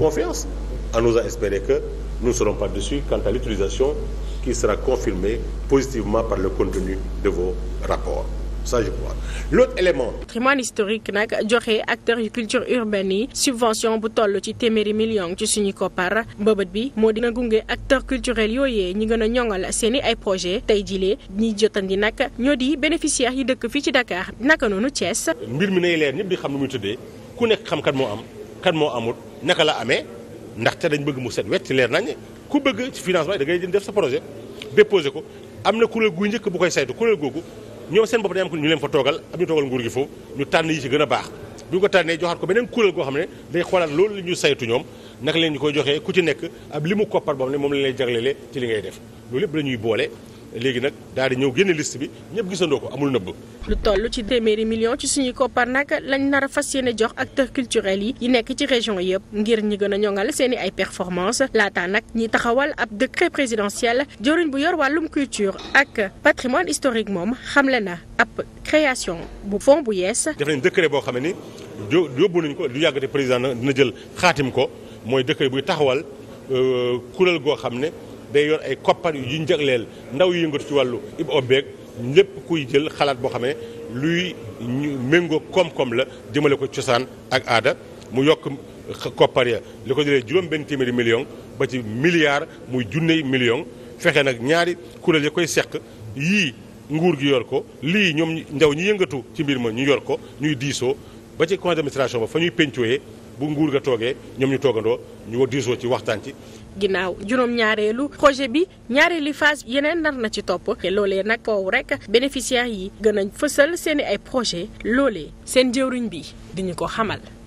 confiance en osant espérer que nous ne serons pas déçus quant à l'utilisation qui sera confirmée positivement par le contenu de vos rapports ça je crois l'autre élément. patrimoine historique nag joxe acteurs yu culture urbaine yi subvention bu toll ci téeméeri million ci suñu koppar mbëbët bi moo dina gunge acteurs culturels yooyee ñi gën a ñoŋal seen ay projet tey jilee ñiy jotandi nag ñoo di bénéficiaires yi dëkk fii ci Dakar naka noonu Thiès. mbir mi nay leer ñëpp di xam nu ku nekk xam moo am. kan moo amul naka la amee ndaxte dañ bëgg mu set ci leer nañ ku bëgg ci financement da ngay jëm def sa projet déposé ko am na kuréel guy njëkk bu koy saytu kuréel googu ñoom seen bopp day am ñu leen fa toogal am ñu toogal nguur gi foofu ñu tànn yi ci gën a baax bu ñu ko tànnee joxaat ko beneen kuréel goo xam ne day xoolaat loolu li ñu saytu ñoom naka leen ñu koy joxee ku ci nekk ab li mu koppar boobu ne moom la lay jaglelee ci li ngay def loolu yëpp la ñuy boole léegi nag daal di ñëw génne liste bi ñëpp gisandoo ko amul nëbb. lu toll ci téeméeri million ci suñuy koppar nag lañ nar a fas yéene jox acteurs culturels yi yi nekk ci région yëpp ngir ñi gën a ñoŋal seen i ay performance laata nag ñi taxawal ab décret présidentiel joriñ bu yor wàllum culture ak patrimoine historique moom xamle na ab création bu fond bu yees. def nañ décret boo xam ne ni yóbbu nañ ko du yàggate président dina jël xaatim ko mooy décret buy taxawal euh, kuréel goo xam ne. day yor ay koppar yu ñu jagleel ndaw yi yëngatu ci wàllu ib ombeeg lépp kuy jël xalaat boo xam ne luy méngoo koom-koom la jëmale ko cosaan ak aada mu yokk koppar ya li ko jëlee juróom benn téeméeri million ba ci milliard muy junney million fexe nag ñaari kuréel ya koy seq yii nguur gi yor ko lii ñoom ndaw ñi yëngatu ci mbir ma ñu yor ko ñuy diisoo ba ci conseil d'administration ba fa ñuy péncooyee bu nguur ga toogee ñoom ñu toogandoo ñu diisoo ci waxtaan ci. ginnaaw juróom ñaareelu projet bi ñaareelu phase yeneen nar na ci topp te loolee nag kaw rek bénéficiaires yi gën a fasal seen i ay projet loolee seen jëwriñ bi diñu ko xamal.